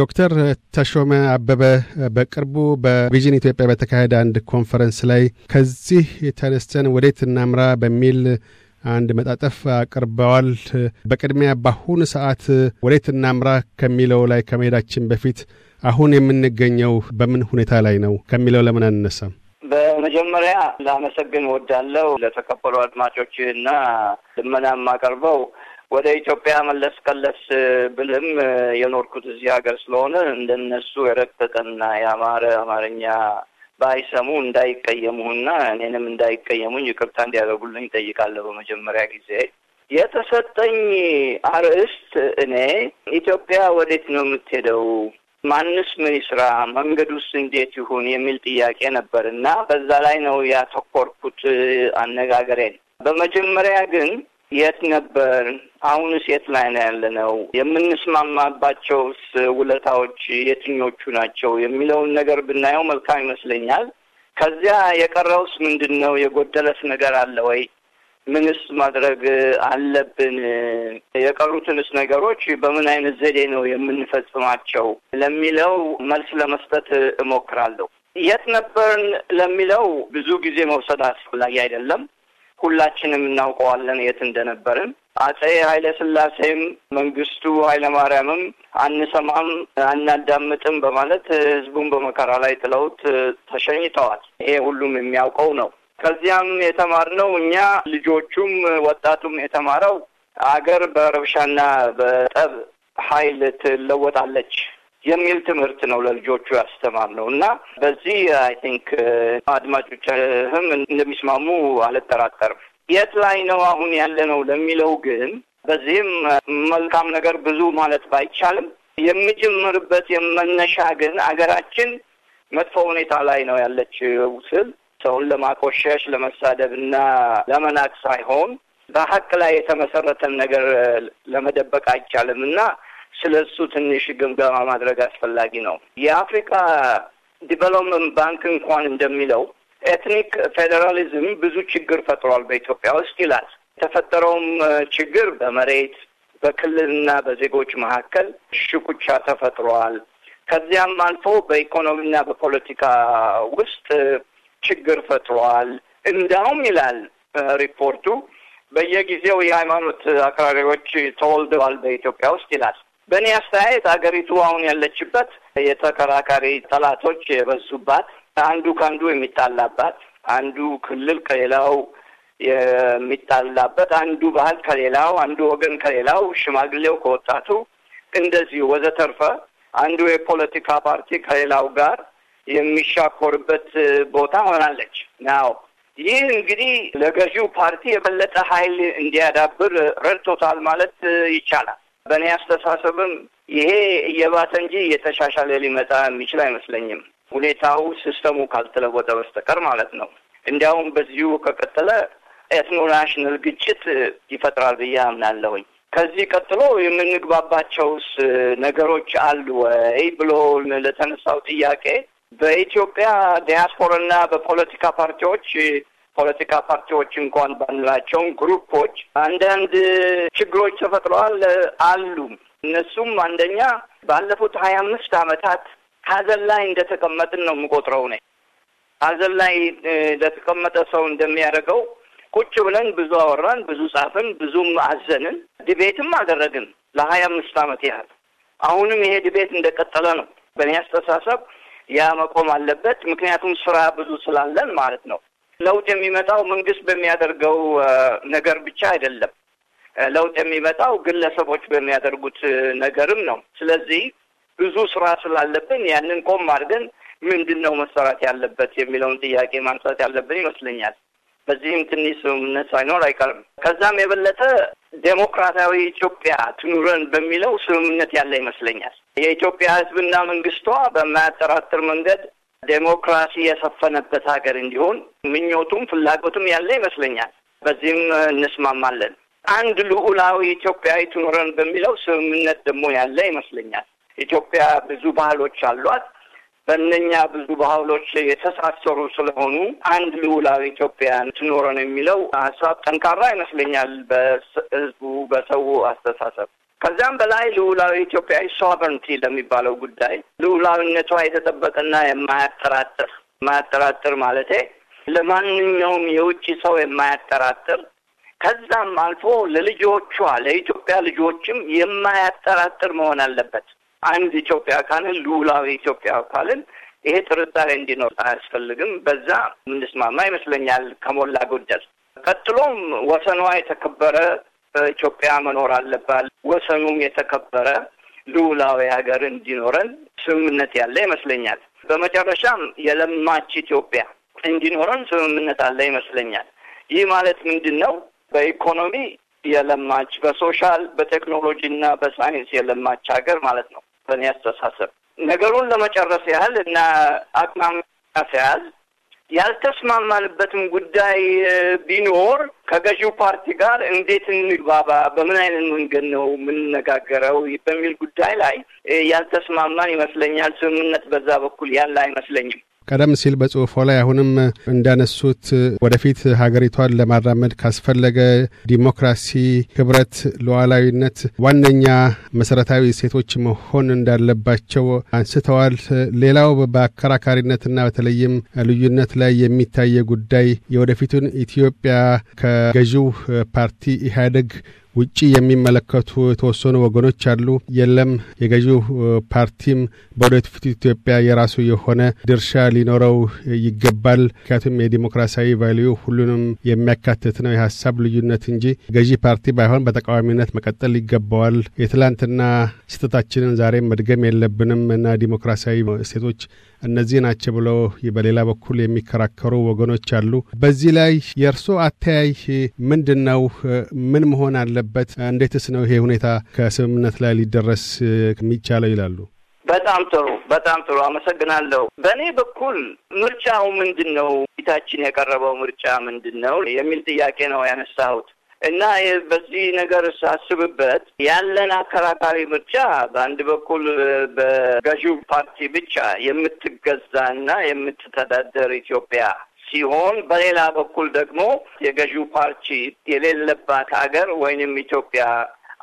ዶክተር ተሾመ አበበ በቅርቡ በቪዥን ኢትዮጵያ በተካሄደ አንድ ኮንፈረንስ ላይ ከዚህ ተነስተን ወዴት እናምራ በሚል አንድ መጣጠፍ አቅርበዋል። በቅድሚያ በአሁኑ ሰዓት ወዴት እናምራ ከሚለው ላይ ከመሄዳችን በፊት አሁን የምንገኘው በምን ሁኔታ ላይ ነው ከሚለው ለምን አንነሳም? በመጀመሪያ ላመሰግን ወዳለው ለተከበሉ አድማጮች እና ልመና የማቀርበው ወደ ኢትዮጵያ መለስ ቀለስ ብልም የኖርኩት እዚህ ሀገር ስለሆነ እንደነሱ የረበጠና የአማረ አማርኛ ባይሰሙ እንዳይቀየሙና እኔንም እንዳይቀየሙኝ ይቅርታ እንዲያደርጉልኝ ጠይቃለሁ። በመጀመሪያ ጊዜ የተሰጠኝ አርዕስት እኔ ኢትዮጵያ ወዴት ነው የምትሄደው፣ ማንስ ምን ይስራ፣ መንገዱስ እንዴት ይሁን የሚል ጥያቄ ነበር እና በዛ ላይ ነው ያተኮርኩት አነጋገሬን። በመጀመሪያ ግን የት ነበር? አሁንስ የት ላይ ነው ያለ ነው? የምንስማማባቸውስ ውለታዎች የትኞቹ ናቸው? የሚለውን ነገር ብናየው መልካም ይመስለኛል። ከዚያ የቀረውስ ምንድን ነው? የጎደለስ ነገር አለ ወይ? ምንስ ማድረግ አለብን? የቀሩትንስ ነገሮች በምን አይነት ዘዴ ነው የምንፈጽማቸው ለሚለው መልስ ለመስጠት እሞክራለሁ። የት ነበርን ለሚለው ብዙ ጊዜ መውሰድ አስፈላጊ አይደለም። ሁላችንም እናውቀዋለን የት እንደነበርን። አጼ ኃይለ ስላሴም መንግስቱ ኃይለማርያምም አንሰማም አናዳምጥም በማለት ህዝቡን በመከራ ላይ ጥለውት ተሸኝተዋል። ይሄ ሁሉም የሚያውቀው ነው። ከዚያም የተማርነው እኛ ልጆቹም ወጣቱም የተማረው አገር በረብሻና በጠብ ኃይል ትለወጣለች የሚል ትምህርት ነው ለልጆቹ ያስተማር ነው እና በዚህ አይ ቲንክ አድማጮችህም እንደሚስማሙ አልጠራጠርም። የት ላይ ነው አሁን ያለ ነው ለሚለው ግን በዚህም መልካም ነገር ብዙ ማለት ባይቻልም የሚጀምርበት የመነሻ ግን አገራችን መጥፎ ሁኔታ ላይ ነው ያለችው ስል ሰውን ለማቆሸሽ ለመሳደብና ለመናቅ ሳይሆን በሀቅ ላይ የተመሰረተን ነገር ለመደበቅ አይቻልም እና ስለ እሱ ትንሽ ግምገማ ማድረግ አስፈላጊ ነው። የአፍሪካ ዲቨሎፕመንት ባንክ እንኳን እንደሚለው ኤትኒክ ፌዴራሊዝም ብዙ ችግር ፈጥሯል በኢትዮጵያ ውስጥ ይላል። የተፈጠረውም ችግር በመሬት በክልልና በዜጎች መካከል ሽኩቻ ተፈጥሯል። ከዚያም አልፎ በኢኮኖሚና በፖለቲካ ውስጥ ችግር ፈጥሯል። እንዳውም ይላል ሪፖርቱ በየጊዜው የሃይማኖት አክራሪዎች ተወልደዋል በኢትዮጵያ ውስጥ ይላል። በእኔ አስተያየት ሀገሪቱ አሁን ያለችበት የተከራካሪ ጠላቶች የበዙባት፣ አንዱ ከአንዱ የሚጣላባት፣ አንዱ ክልል ከሌላው የሚጣላበት፣ አንዱ ባህል ከሌላው፣ አንዱ ወገን ከሌላው፣ ሽማግሌው ከወጣቱ እንደዚሁ ወዘተርፈ አንዱ የፖለቲካ ፓርቲ ከሌላው ጋር የሚሻኮርበት ቦታ ሆናለች ናው ይህ እንግዲህ ለገዢው ፓርቲ የበለጠ ኃይል እንዲያዳብር ረድቶታል ማለት ይቻላል። በእኔ አስተሳሰብም ይሄ እየባተ እንጂ እየተሻሻለ ሊመጣ የሚችል አይመስለኝም። ሁኔታው ሲስተሙ ካልተለወጠ በስተቀር ማለት ነው። እንዲያውም በዚሁ ከቀጠለ ኤትኖ ናሽናል ግጭት ይፈጥራል ብዬ አምናለሁኝ። ከዚህ ቀጥሎ የምንግባባቸውስ ነገሮች አሉ ወይ ብሎ ለተነሳው ጥያቄ በኢትዮጵያ ዲያስፖራና በፖለቲካ ፓርቲዎች ፖለቲካ ፓርቲዎች እንኳን ባንላቸውም ግሩፖች አንዳንድ ችግሮች ተፈጥረዋል አሉ። እነሱም አንደኛ ባለፉት ሀያ አምስት አመታት ሀዘን ላይ እንደተቀመጥን ነው የምቆጥረው ነ ሀዘን ላይ ለተቀመጠ ሰው እንደሚያደርገው ቁጭ ብለን ብዙ አወራን፣ ብዙ ጻፍን፣ ብዙም አዘንን፣ ዲቤትም አደረግን ለሀያ አምስት አመት ያህል። አሁንም ይሄ ዲቤት እንደቀጠለ ነው። በእኔ አስተሳሰብ ያ መቆም አለበት። ምክንያቱም ስራ ብዙ ስላለን ማለት ነው። ለውጥ የሚመጣው መንግስት በሚያደርገው ነገር ብቻ አይደለም። ለውጥ የሚመጣው ግለሰቦች በሚያደርጉት ነገርም ነው። ስለዚህ ብዙ ስራ ስላለብን ያንን ቆም አድርገን ምንድን ነው መሰራት ያለበት የሚለውን ጥያቄ ማንሳት ያለብን ይመስለኛል። በዚህም ትንሽ ስምምነት ሳይኖር አይቀርም። ከዛም የበለጠ ዴሞክራሲያዊ ኢትዮጵያ ትኑረን በሚለው ስምምነት ያለ ይመስለኛል። የኢትዮጵያ ሕዝብና መንግስቷ በማያጠራጥር መንገድ ዴሞክራሲ የሰፈነበት ሀገር እንዲሆን ምኞቱም ፍላጎቱም ያለ ይመስለኛል። በዚህም እንስማማለን። አንድ ልዑላዊ ኢትዮጵያዊ ትኖረን በሚለው ስምምነት ደግሞ ያለ ይመስለኛል። ኢትዮጵያ ብዙ ባህሎች አሏት። በእነኛ ብዙ ባህሎች የተሳሰሩ ስለሆኑ አንድ ልዑላዊ ኢትዮጵያ ትኖረን የሚለው ሀሳብ ጠንካራ ይመስለኛል በህዝቡ በሰው አስተሳሰብ ከዚያም በላይ ልዑላዊ ኢትዮጵያዊ ሶቨርንቲ ለሚባለው ጉዳይ ልዑላዊነቷ የተጠበቀና የማያጠራጥር የማያጠራጥር ማለት ለማንኛውም የውጭ ሰው የማያጠራጥር ከዛም አልፎ ለልጆቿ ለኢትዮጵያ ልጆችም የማያጠራጥር መሆን አለበት። አንድ ኢትዮጵያ ካልን ልዑላዊ ኢትዮጵያ ካልን ይሄ ጥርጣሬ እንዲኖር አያስፈልግም። በዛ የምንስማማ ይመስለኛል ከሞላ ጎደል። ቀጥሎም ወሰኗ የተከበረ በኢትዮጵያ መኖር አለባል ወሰኑም የተከበረ ልዑላዊ ሀገር እንዲኖረን ስምምነት ያለ ይመስለኛል። በመጨረሻም የለማች ኢትዮጵያ እንዲኖረን ስምምነት አለ ይመስለኛል። ይህ ማለት ምንድን ነው? በኢኮኖሚ የለማች በሶሻል በቴክኖሎጂ እና በሳይንስ የለማች ሀገር ማለት ነው። በእኔ አስተሳሰብ ነገሩን ለመጨረስ ያህል እና አቅማም ያህል ያልተስማማንበትም ጉዳይ ቢኖር ከገዢው ፓርቲ ጋር እንዴት እንግባባ፣ በምን አይነት መንገድ ነው የምንነጋገረው በሚል ጉዳይ ላይ ያልተስማማን ይመስለኛል። ስምምነት በዛ በኩል ያለ አይመስለኝም። ቀደም ሲል በጽሁፎ ላይ አሁንም እንዳነሱት ወደፊት ሀገሪቷን ለማራመድ ካስፈለገ ዲሞክራሲ፣ ህብረት፣ ሉዓላዊነት ዋነኛ መሰረታዊ እሴቶች መሆን እንዳለባቸው አንስተዋል። ሌላው በአከራካሪነትና በተለይም ልዩነት ላይ የሚታየ ጉዳይ የወደፊቱን ኢትዮጵያ ከገዢው ፓርቲ ኢህአዴግ ውጭ የሚመለከቱ የተወሰኑ ወገኖች አሉ። የለም የገዢው ፓርቲም በወደፊት ኢትዮጵያ የራሱ የሆነ ድርሻ ሊኖረው ይገባል፣ ምክንያቱም የዲሞክራሲያዊ ቫልዩ ሁሉንም የሚያካትት ነው፣ የሀሳብ ልዩነት እንጂ ገዢ ፓርቲ ባይሆን በተቃዋሚነት መቀጠል ይገባዋል። የትላንትና ስህተታችንን ዛሬም መድገም የለብንም እና ዲሞክራሲያዊ እሴቶች እነዚህ ናቸው ብለው በሌላ በኩል የሚከራከሩ ወገኖች አሉ። በዚህ ላይ የእርስዎ አተያይ ምንድን ነው? ምን መሆን አለበት? እንዴትስ ነው ይሄ ሁኔታ ከስምምነት ላይ ሊደረስ የሚቻለው ይላሉ? በጣም ጥሩ በጣም ጥሩ አመሰግናለሁ። በእኔ በኩል ምርጫው ምንድን ነው፣ ፊታችን የቀረበው ምርጫ ምንድን ነው የሚል ጥያቄ ነው ያነሳሁት። እና በዚህ ነገር ሳስብበት ያለን አከራካሪ ምርጫ በአንድ በኩል በገዢው ፓርቲ ብቻ የምትገዛና የምትተዳደር ኢትዮጵያ ሲሆን በሌላ በኩል ደግሞ የገዢው ፓርቲ የሌለባት ሀገር ወይንም ኢትዮጵያ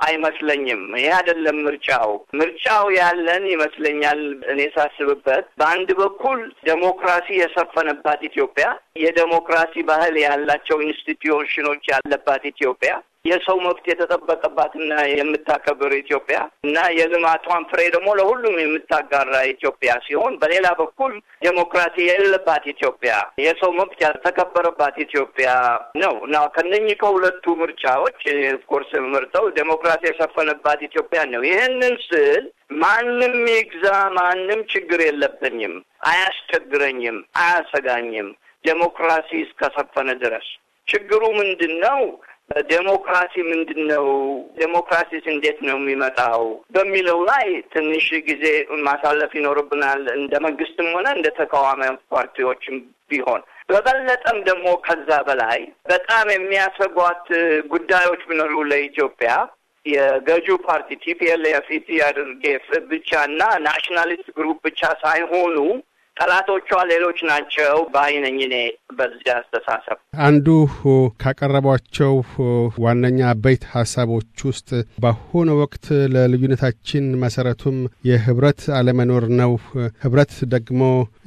አይመስለኝም። ይሄ አይደለም ምርጫው። ምርጫው ያለን ይመስለኛል እኔ ሳስብበት፣ በአንድ በኩል ዴሞክራሲ የሰፈነባት ኢትዮጵያ፣ የዴሞክራሲ ባህል ያላቸው ኢንስቲትዩሽኖች ያለባት ኢትዮጵያ፣ የሰው መብት የተጠበቀባትና የምታከብር ኢትዮጵያ እና የልማቷን ፍሬ ደግሞ ለሁሉም የምታጋራ ኢትዮጵያ ሲሆን በሌላ በኩል ዴሞክራሲ የሌለባት ኢትዮጵያ፣ የሰው መብት ያልተከበረባት ኢትዮጵያ ነው እና ከነኚህ ከሁለቱ ምርጫዎች ኮርስ ምርጠው ዴሞክራሲ የሰፈነባት ኢትዮጵያ ነው። ይህንን ስል ማንም ይግዛ ማንም ችግር የለብኝም፣ አያስቸግረኝም፣ አያሰጋኝም ዴሞክራሲ እስከሰፈነ ድረስ ችግሩ ምንድን ነው? ዴሞክራሲ ምንድን ነው? ዴሞክራሲስ እንዴት ነው የሚመጣው? በሚለው ላይ ትንሽ ጊዜ ማሳለፍ ይኖርብናል እንደ መንግስትም ሆነ እንደ ተቃዋሚ ፓርቲዎችም ቢሆን በበለጠም ደግሞ ከዛ በላይ በጣም የሚያሰጓት ጉዳዮች ቢኖሩ ለኢትዮጵያ የገዢው ፓርቲ ቲፒኤልኤፍ ኢፒአር ብቻ እና ናሽናሊስት ግሩፕ ብቻ ሳይሆኑ ጠላቶቿ ሌሎች ናቸው በአይነኝ እኔ በዚያ አስተሳሰብ አንዱ ካቀረቧቸው ዋነኛ አበይት ሀሳቦች ውስጥ በአሁኑ ወቅት ለልዩነታችን መሰረቱም የህብረት አለመኖር ነው። ህብረት ደግሞ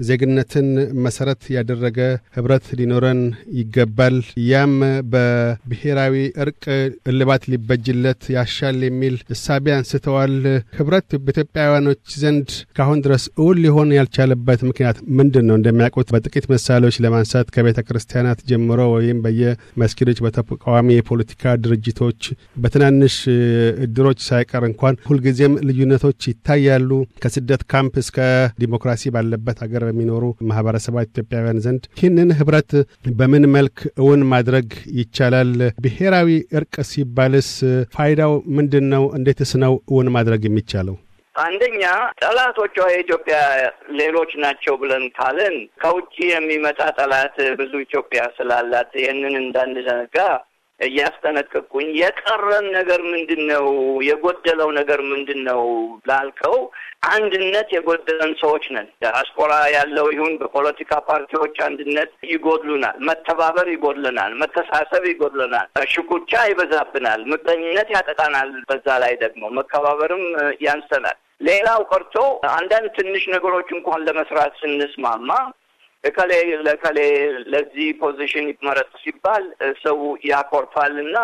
ዜግነትን መሰረት ያደረገ ህብረት ሊኖረን ይገባል። ያም በብሔራዊ እርቅ እልባት ሊበጅለት ያሻል የሚል እሳቤ አንስተዋል። ህብረት በኢትዮጵያውያኖች ዘንድ ካአሁን ድረስ እውን ሊሆን ያልቻለበት ምክንያት ምክንያት ምንድን ነው? እንደሚያውቁት በጥቂት ምሳሌዎች ለማንሳት ከቤተ ክርስቲያናት ጀምሮ ወይም በየመስጊዶች በተቃዋሚ የፖለቲካ ድርጅቶች በትናንሽ እድሮች ሳይቀር እንኳን ሁልጊዜም ልዩነቶች ይታያሉ። ከስደት ካምፕ እስከ ዲሞክራሲ ባለበት ሀገር በሚኖሩ ማህበረሰባት ኢትዮጵያውያን ዘንድ ይህንን ህብረት በምን መልክ እውን ማድረግ ይቻላል? ብሔራዊ እርቅ ሲባልስ ፋይዳው ምንድን ነው? እንዴትስ ነው እውን ማድረግ የሚቻለው? አንደኛ ጠላቶቿ የኢትዮጵያ ሌሎች ናቸው ብለን ካለን ከውጭ የሚመጣ ጠላት ብዙ ኢትዮጵያ ስላላት ይህንን እንዳንዘነጋ እያስጠነቀቁኝ የቀረን ነገር ምንድን ነው? የጎደለው ነገር ምንድን ነው ላልከው አንድነት የጎደለን ሰዎች ነን። ዲያስፖራ ያለው ይሁን በፖለቲካ ፓርቲዎች አንድነት ይጎድሉናል፣ መተባበር ይጎድለናል፣ መተሳሰብ ይጎድለናል፣ ሽኩቻ ይበዛብናል፣ ምቀኝነት ያጠቃናል። በዛ ላይ ደግሞ መከባበርም ያንሰናል። ሌላው ቀርቶ አንዳንድ ትንሽ ነገሮች እንኳን ለመስራት ስንስማማ እከሌ ለከሌ ለዚህ ፖዚሽን ይመረጥ ሲባል ሰው እና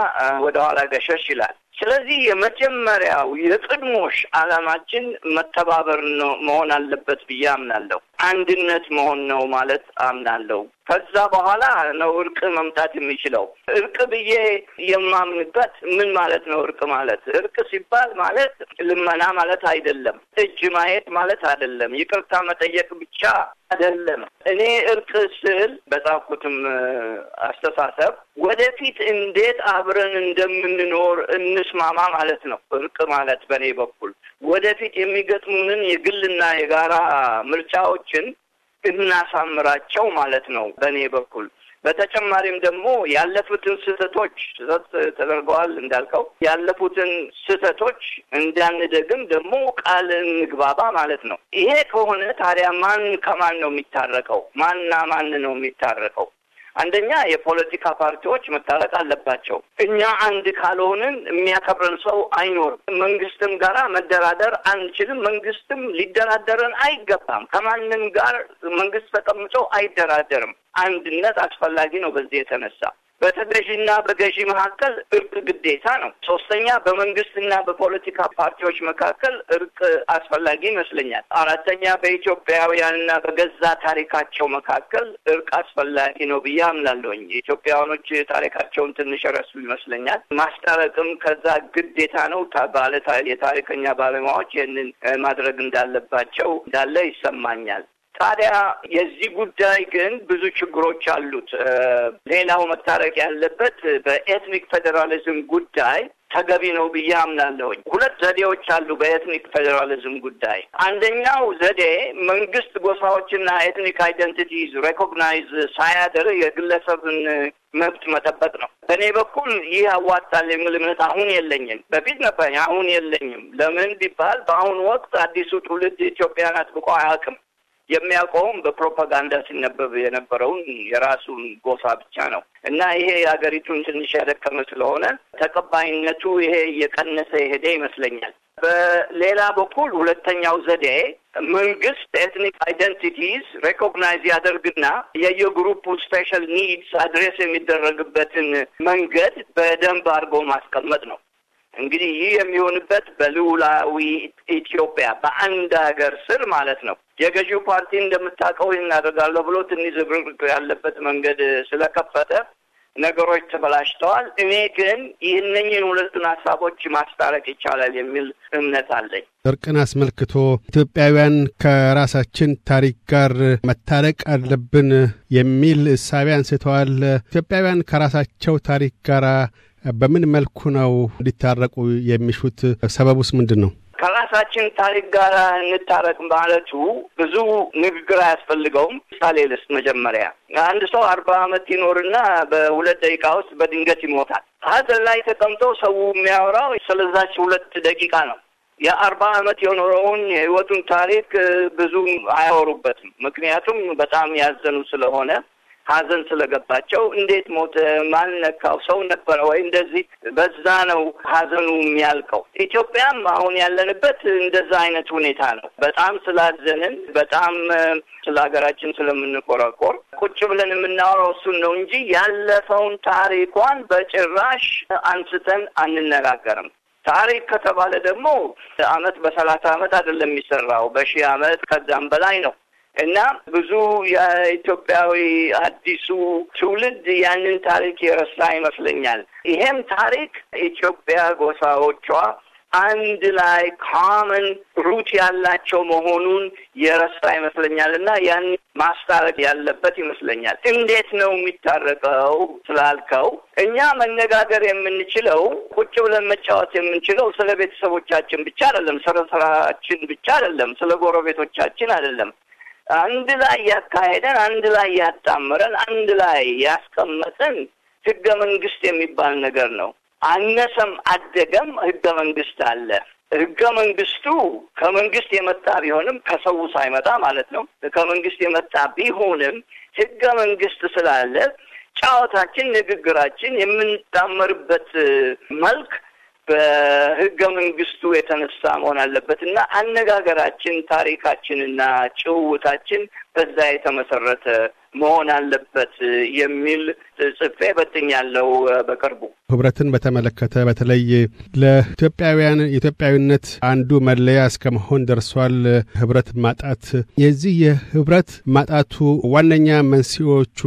ወደኋላ ገሸሽ ይላል። ስለዚህ የመጀመሪያው የቅድሞሽ አላማችን መተባበር ነው መሆን አለበት ብዬ አምናለሁ። አንድነት መሆን ነው ማለት አምናለሁ። ከዛ በኋላ ነው እርቅ መምታት የሚችለው። እርቅ ብዬ የማምንበት ምን ማለት ነው? እርቅ ማለት እርቅ ሲባል ማለት ልመና ማለት አይደለም። እጅ ማየት ማለት አይደለም። ይቅርታ መጠየቅ ብቻ አይደለም። እኔ እርቅ ስል በጻፍኩትም አስተሳሰብ ወደፊት እንዴት አብረን እንደምንኖር እንስማማ ማለት ነው። እርቅ ማለት በእኔ በኩል ወደፊት የሚገጥሙንን የግልና የጋራ ምርጫዎችን እናሳምራቸው ማለት ነው በእኔ በኩል። በተጨማሪም ደግሞ ያለፉትን ስህተቶች ስህተት ተደርገዋል እንዳልከው ያለፉትን ስህተቶች እንዳንደግም ደግሞ ቃል እንግባባ ማለት ነው። ይሄ ከሆነ ታዲያ ማን ከማን ነው የሚታረቀው? ማንና ማን ነው የሚታረቀው? አንደኛ የፖለቲካ ፓርቲዎች መታረቅ አለባቸው። እኛ አንድ ካልሆንን የሚያከብረን ሰው አይኖርም። መንግስትም ጋራ መደራደር አንችልም። መንግስትም ሊደራደረን አይገባም። ከማንም ጋር መንግስት ተቀምጦ አይደራደርም። አንድነት አስፈላጊ ነው። በዚህ የተነሳ በተገዢና በገዢ መካከል እርቅ ግዴታ ነው። ሶስተኛ በመንግስትና በፖለቲካ ፓርቲዎች መካከል እርቅ አስፈላጊ ይመስለኛል። አራተኛ በኢትዮጵያውያንና በገዛ ታሪካቸው መካከል እርቅ አስፈላጊ ነው ብዬ አምላለሁኝ። ኢትዮጵያውያኖች ታሪካቸውን ትንሽ ረሱ ይመስለኛል። ማስታረቅም ከዛ ግዴታ ነው። ባለ የታሪከኛ ባለሙያዎች ይህንን ማድረግ እንዳለባቸው እንዳለ ይሰማኛል። ታዲያ የዚህ ጉዳይ ግን ብዙ ችግሮች አሉት። ሌላው መታረቅ ያለበት በኤትኒክ ፌዴራሊዝም ጉዳይ ተገቢ ነው ብዬ አምናለሁኝ። ሁለት ዘዴዎች አሉ በኤትኒክ ፌዴራሊዝም ጉዳይ። አንደኛው ዘዴ መንግስት ጎሳዎችና ኤትኒክ አይደንቲቲዝ ሬኮግናይዝ ሳያደር የግለሰብን መብት መጠበቅ ነው። በእኔ በኩል ይህ አዋጣል የሚል እምነት አሁን የለኝም። በፊት ነበር፣ አሁን የለኝም። ለምን ቢባል በአሁኑ ወቅት አዲሱ ትውልድ ኢትዮጵያን አጥብቆ አያውቅም። የሚያውቀውም በፕሮፓጋንዳ ሲነበብ የነበረውን የራሱን ጎሳ ብቻ ነው እና ይሄ የሀገሪቱን ትንሽ ያደከመ ስለሆነ ተቀባይነቱ ይሄ እየቀነሰ የሄደ ይመስለኛል። በሌላ በኩል ሁለተኛው ዘዴ መንግስት ኤትኒክ አይደንቲቲስ ሬኮግናይዝ ያደርግና የየግሩፑ ስፔሻል ኒድስ አድሬስ የሚደረግበትን መንገድ በደንብ አድርጎ ማስቀመጥ ነው። እንግዲህ ይህ የሚሆንበት በልዑላዊ ኢትዮጵያ በአንድ ሀገር ስር ማለት ነው። የገዢው ፓርቲ እንደምታውቀው እናደርጋለሁ ብሎ ትንሽ ዝብርቅ ያለበት መንገድ ስለከፈተ ነገሮች ተበላሽተዋል። እኔ ግን ይህንኝን ሁለቱን ሀሳቦች ማስታረቅ ይቻላል የሚል እምነት አለኝ። እርቅን አስመልክቶ ኢትዮጵያውያን ከራሳችን ታሪክ ጋር መታረቅ አለብን የሚል እሳቤ አንስተዋል። ኢትዮጵያውያን ከራሳቸው ታሪክ ጋር በምን መልኩ ነው እንዲታረቁ የሚሹት? ሰበቡስ ምንድን ነው? ከራሳችን ታሪክ ጋር እንታረቅ ማለቱ ብዙ ንግግር አያስፈልገውም። ምሳሌ ልስ መጀመሪያ አንድ ሰው አርባ ዓመት ይኖርና በሁለት ደቂቃ ውስጥ በድንገት ይሞታል። ሀዘን ላይ ተቀምጦ ሰው የሚያወራው ስለዛች ሁለት ደቂቃ ነው። የአርባ ዓመት የኖረውን የህይወቱን ታሪክ ብዙ አያወሩበትም። ምክንያቱም በጣም ያዘኑ ስለሆነ ሀዘን ስለገባቸው እንዴት ሞተ፣ ማን ነካው፣ ሰው ነበረ ወይ እንደዚህ። በዛ ነው ሀዘኑ የሚያልቀው። ኢትዮጵያም አሁን ያለንበት እንደዛ አይነት ሁኔታ ነው። በጣም ስላዘንን፣ በጣም ስለ ሀገራችን ስለምንቆረቆር ቁጭ ብለን የምናወራው እሱን ነው እንጂ ያለፈውን ታሪኳን በጭራሽ አንስተን አንነጋገርም። ታሪክ ከተባለ ደግሞ አመት በሰላሳ አመት አይደለም የሚሰራው በሺህ አመት ከዛም በላይ ነው። እና ብዙ የኢትዮጵያዊ አዲሱ ትውልድ ያንን ታሪክ የረሳ ይመስለኛል። ይሄም ታሪክ ኢትዮጵያ ጎሳዎቿ አንድ ላይ ኮመን ሩት ያላቸው መሆኑን የረሳ ይመስለኛል እና ያን ማስታረቅ ያለበት ይመስለኛል። እንዴት ነው የሚታረቀው ስላልከው እኛ መነጋገር የምንችለው ቁጭ ብለን መጫወት የምንችለው ስለ ቤተሰቦቻችን ብቻ አይደለም፣ ስለ ስራችን ብቻ አይደለም፣ ስለ ጎረቤቶቻችን አይደለም። አንድ ላይ ያካሄደን፣ አንድ ላይ ያጣምረን፣ አንድ ላይ ያስቀመጠን ህገ መንግስት የሚባል ነገር ነው። አነሰም አደገም ህገ መንግስት አለ። ህገ መንግስቱ ከመንግስት የመጣ ቢሆንም ከሰው ሳይመጣ ማለት ነው። ከመንግስት የመጣ ቢሆንም ህገ መንግስት ስላለ ጨዋታችን፣ ንግግራችን፣ የምንጣመርበት መልክ በህገ መንግስቱ የተነሳ መሆን አለበት እና አነጋገራችን፣ ታሪካችንና ጭውውታችን በዛ የተመሰረተ መሆን አለበት የሚል ጽፌ በትኛለው በቅርቡ ህብረትን በተመለከተ በተለይ ለኢትዮጵያውያን የኢትዮጵያዊነት አንዱ መለያ እስከ መሆን ደርሷል። ህብረት ማጣት የዚህ የህብረት ማጣቱ ዋነኛ መንስኤዎቹ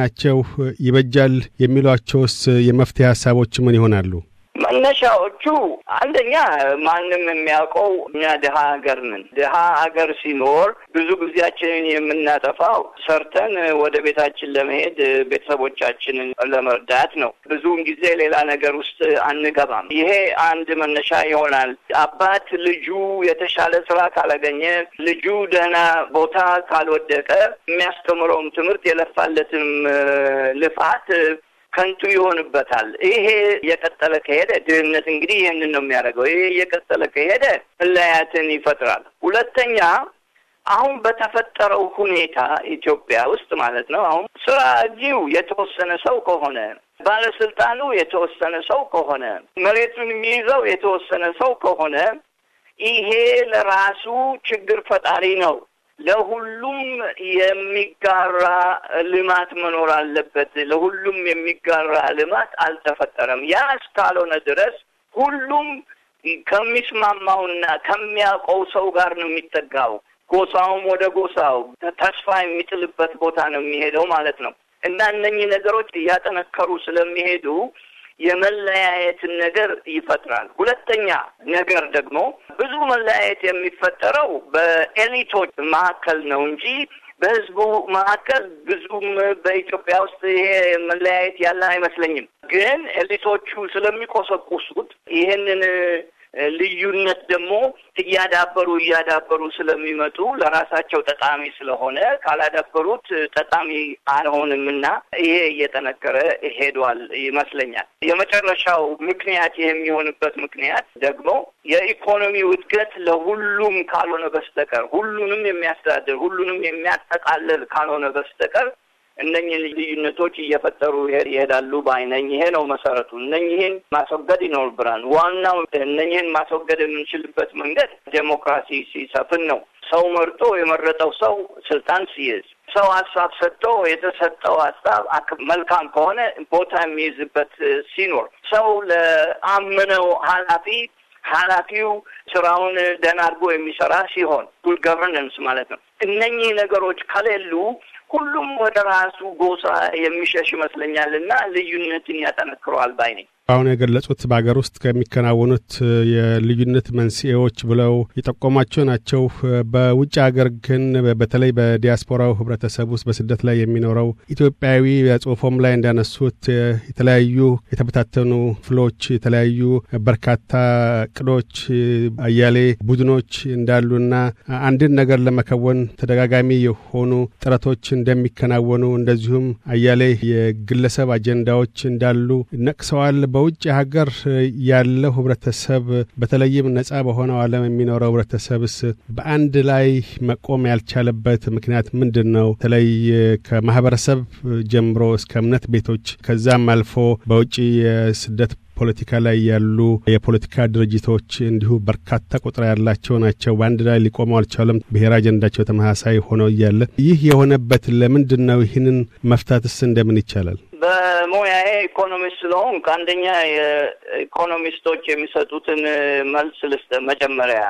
ናቸው ይበጃል የሚሏቸውስ የመፍትሄ ሀሳቦች ምን ይሆናሉ? መነሻዎቹ አንደኛ ማንም የሚያውቀው እኛ ድሀ ሀገር ነን። ድሀ ሀገር ሲኖር ብዙ ጊዜያችንን የምናጠፋው ሰርተን ወደ ቤታችን ለመሄድ ቤተሰቦቻችንን ለመርዳት ነው። ብዙውን ጊዜ ሌላ ነገር ውስጥ አንገባም። ይሄ አንድ መነሻ ይሆናል። አባት ልጁ የተሻለ ስራ ካላገኘ፣ ልጁ ደህና ቦታ ካልወደቀ የሚያስተምረውም ትምህርት የለፋለትም ልፋት ከንቱ ይሆንበታል። ይሄ እየቀጠለ ከሄደ ድህነት እንግዲህ ይህንን ነው የሚያደርገው። ይሄ እየቀጠለ ከሄደ መለያየትን ይፈጥራል። ሁለተኛ አሁን በተፈጠረው ሁኔታ ኢትዮጵያ ውስጥ ማለት ነው። አሁን ስራ እዚሁ የተወሰነ ሰው ከሆነ ባለስልጣኑ የተወሰነ ሰው ከሆነ መሬቱን የሚይዘው የተወሰነ ሰው ከሆነ ይሄ ለራሱ ችግር ፈጣሪ ነው። ለሁሉም የሚጋራ ልማት መኖር አለበት። ለሁሉም የሚጋራ ልማት አልተፈጠረም። ያ እስካልሆነ ድረስ ሁሉም ከሚስማማውና ከሚያውቀው ሰው ጋር ነው የሚጠጋው። ጎሳውም ወደ ጎሳው ተስፋ የሚጥልበት ቦታ ነው የሚሄደው ማለት ነው። እና እነኚህ ነገሮች እያጠነከሩ ስለሚሄዱ የመለያየትን ነገር ይፈጥራል። ሁለተኛ ነገር ደግሞ ብዙ መለያየት የሚፈጠረው በኤሊቶች መካከል ነው እንጂ በህዝቡ መካከል ብዙም በኢትዮጵያ ውስጥ ይሄ መለያየት ያለ አይመስለኝም። ግን ኤሊቶቹ ስለሚቆሰቁሱት ይህንን ልዩነት ደግሞ እያዳበሩ እያዳበሩ ስለሚመጡ ለራሳቸው ጠቃሚ ስለሆነ ካላዳበሩት ጠቃሚ አልሆንም እና ይሄ እየጠነከረ ሄዷል ይመስለኛል። የመጨረሻው ምክንያት የሚሆንበት ምክንያት ደግሞ የኢኮኖሚ ውድገት ለሁሉም ካልሆነ በስተቀር ሁሉንም የሚያስተዳድር ሁሉንም የሚያጠቃልል ካልሆነ በስተቀር እነኝህን ልዩነቶች እየፈጠሩ ይሄዳሉ ባይነኝ። ይሄ ነው መሰረቱ። እነኝህን ማስወገድ ይኖርብናል። ዋናው እነኝህን ማስወገድ የምንችልበት መንገድ ዴሞክራሲ ሲሰፍን ነው። ሰው መርጦ የመረጠው ሰው ስልጣን ሲይዝ ሰው ሀሳብ ሰጥቶ የተሰጠው ሀሳብ መልካም ከሆነ ቦታ የሚይዝበት ሲኖር ሰው ለአምነው ኃላፊ ኃላፊው ስራውን ደህና አድርጎ የሚሰራ ሲሆን ጉድ ገቨርነንስ ማለት ነው። እነኚህ ነገሮች ከሌሉ ሁሉም ወደ ራሱ ጎሳ የሚሸሽ ይመስለኛል እና ልዩነትን ያጠነክረዋል ባይ ነኝ። አሁን የገለጹት በሀገር ውስጥ ከሚከናወኑት የልዩነት መንስኤዎች ብለው የጠቆሟቸው ናቸው። በውጭ ሀገር ግን በተለይ በዲያስፖራው ህብረተሰብ ውስጥ በስደት ላይ የሚኖረው ኢትዮጵያዊ በጽሁፎም ላይ እንዳነሱት የተለያዩ የተበታተኑ ክፍሎች፣ የተለያዩ በርካታ እቅዶች፣ አያሌ ቡድኖች እንዳሉና አንድን ነገር ለመከወን ተደጋጋሚ የሆኑ ጥረቶች እንደሚከናወኑ እንደዚሁም አያሌ የግለሰብ አጀንዳዎች እንዳሉ ነቅሰዋል። በውጭ ሀገር ያለው ህብረተሰብ በተለይም ነጻ በሆነው ዓለም የሚኖረው ህብረተሰብስ በአንድ ላይ መቆም ያልቻለበት ምክንያት ምንድን ነው? በተለይ ከማህበረሰብ ጀምሮ እስከ እምነት ቤቶች ከዛም አልፎ በውጭ የስደት ፖለቲካ ላይ ያሉ የፖለቲካ ድርጅቶች እንዲሁ በርካታ ቁጥር ያላቸው ናቸው። በአንድ ላይ ሊቆሙ አልቻለም። ብሔራዊ አጀንዳቸው ተመሳሳይ ሆነው እያለ ይህ የሆነበት ለምንድን ነው? ይህንን መፍታትስ እንደምን ይቻላል? በሙያዬ ኢኮኖሚስት ስለሆንክ አንደኛ የኢኮኖሚስቶች የሚሰጡትን መልስ ልስጥ። መጀመሪያ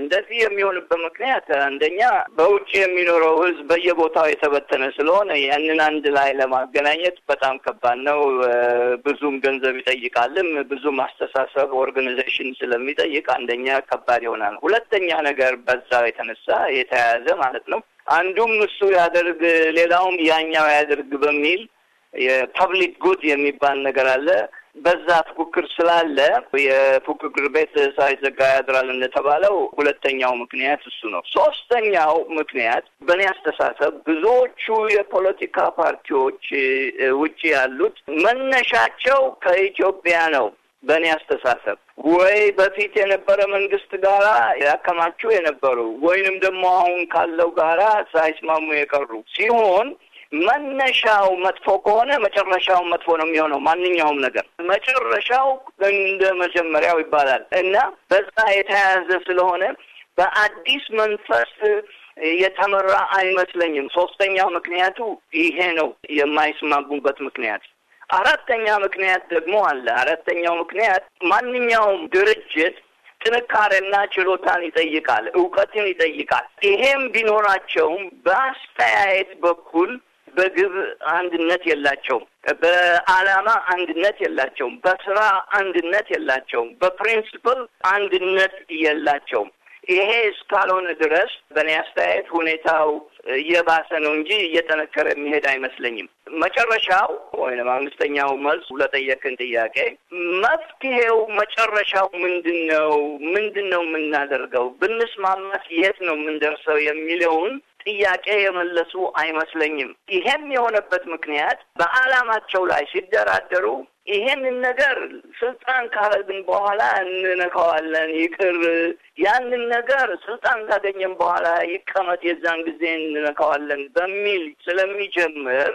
እንደዚህ የሚሆንበት ምክንያት አንደኛ በውጭ የሚኖረው ሕዝብ በየቦታው የተበተነ ስለሆነ ያንን አንድ ላይ ለማገናኘት በጣም ከባድ ነው። ብዙም ገንዘብ ይጠይቃልም፣ ብዙም አስተሳሰብ ኦርጋናይዜሽን ስለሚጠይቅ አንደኛ ከባድ ይሆናል። ሁለተኛ ነገር በዛ የተነሳ የተያያዘ ማለት ነው አንዱም እሱ ያደርግ ሌላውም ያኛው ያደርግ በሚል የፐብሊክ ጉድ የሚባል ነገር አለ። በዛ ፉክክር ስላለ የፉክክር ቤት ሳይዘጋ ያድራል እንደተባለው ሁለተኛው ምክንያት እሱ ነው። ሶስተኛው ምክንያት በእኔ አስተሳሰብ ብዙዎቹ የፖለቲካ ፓርቲዎች ውጭ ያሉት መነሻቸው ከኢትዮጵያ ነው። በእኔ አስተሳሰብ ወይ በፊት የነበረ መንግስት ጋራ ያከማቹ የነበሩ ወይንም ደግሞ አሁን ካለው ጋራ ሳይስማሙ የቀሩ ሲሆን መነሻው መጥፎ ከሆነ መጨረሻው መጥፎ ነው የሚሆነው። ማንኛውም ነገር መጨረሻው እንደ መጀመሪያው ይባላል እና በዛ የተያያዘ ስለሆነ በአዲስ መንፈስ የተመራ አይመስለኝም። ሶስተኛው ምክንያቱ ይሄ ነው፣ የማይስማሙበት ምክንያት። አራተኛ ምክንያት ደግሞ አለ። አራተኛው ምክንያት ማንኛውም ድርጅት ጥንካሬና ችሎታን ይጠይቃል፣ እውቀትን ይጠይቃል። ይሄም ቢኖራቸውም በአስተያየት በኩል በግብ አንድነት የላቸውም። በዓላማ አንድነት የላቸውም። በስራ አንድነት የላቸውም። በፕሪንስፕል አንድነት የላቸውም። ይሄ እስካልሆነ ድረስ በእኔ አስተያየት ሁኔታው እየባሰ ነው እንጂ እየጠነከረ የሚሄድ አይመስለኝም። መጨረሻው ወይም አምስተኛው መልስ ለጠየቅን ጥያቄ መፍትሄው መጨረሻው ምንድን ነው? ምንድን ነው የምናደርገው? ብንስማማት የት ነው የምንደርሰው? የሚለውን ጥያቄ የመለሱ አይመስለኝም። ይሄም የሆነበት ምክንያት በዓላማቸው ላይ ሲደራደሩ ይሄንን ነገር ስልጣን ካረግን በኋላ እንነካዋለን፣ ይቅር ያንን ነገር ስልጣን ካገኘን በኋላ ይቀመጥ፣ የዛን ጊዜ እንነካዋለን በሚል ስለሚጀምር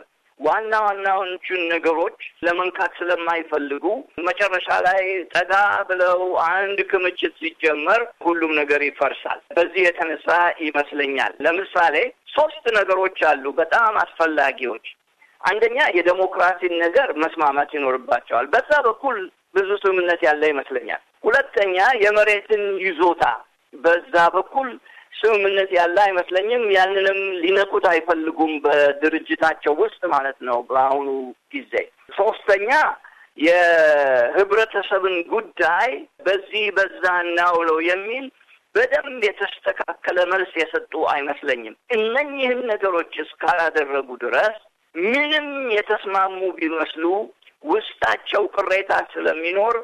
ዋና ዋናዎቹን ነገሮች ለመንካት ስለማይፈልጉ መጨረሻ ላይ ጠጋ ብለው አንድ ክምችት ሲጀመር ሁሉም ነገር ይፈርሳል። በዚህ የተነሳ ይመስለኛል ለምሳሌ ሶስት ነገሮች አሉ በጣም አስፈላጊዎች። አንደኛ የዴሞክራሲን ነገር መስማማት ይኖርባቸዋል። በዛ በኩል ብዙ ስምምነት ያለ ይመስለኛል። ሁለተኛ የመሬትን ይዞታ በዛ በኩል ስምምነት ያለ አይመስለኝም። ያንንም ሊነኩት አይፈልጉም፣ በድርጅታቸው ውስጥ ማለት ነው። በአሁኑ ጊዜ ሶስተኛ የህብረተሰብን ጉዳይ በዚህ በዛ እናውለው የሚል በደንብ የተስተካከለ መልስ የሰጡ አይመስለኝም። እነኚህን ነገሮች እስካላደረጉ ድረስ ምንም የተስማሙ ቢመስሉ ውስጣቸው ቅሬታ ስለሚኖር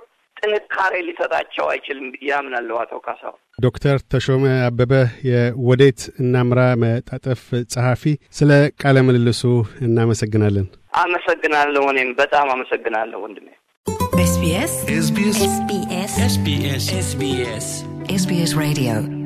ጥንካሬ ሊሰጣቸው አይችልም ብዬ አምናለሁ። አቶ ካሳው ዶክተር ተሾመ አበበ የወዴት እናምራ መጣጠፍ ጸሐፊ፣ ስለ ቃለ ምልልሱ እናመሰግናለን። አመሰግናለሁ። እኔም በጣም አመሰግናለሁ ወንድሜ። ኤስቢኤስ ኤስቢኤስ ኤስቢኤስ ኤስቢኤስ ኤስቢኤስ ሬዲዮ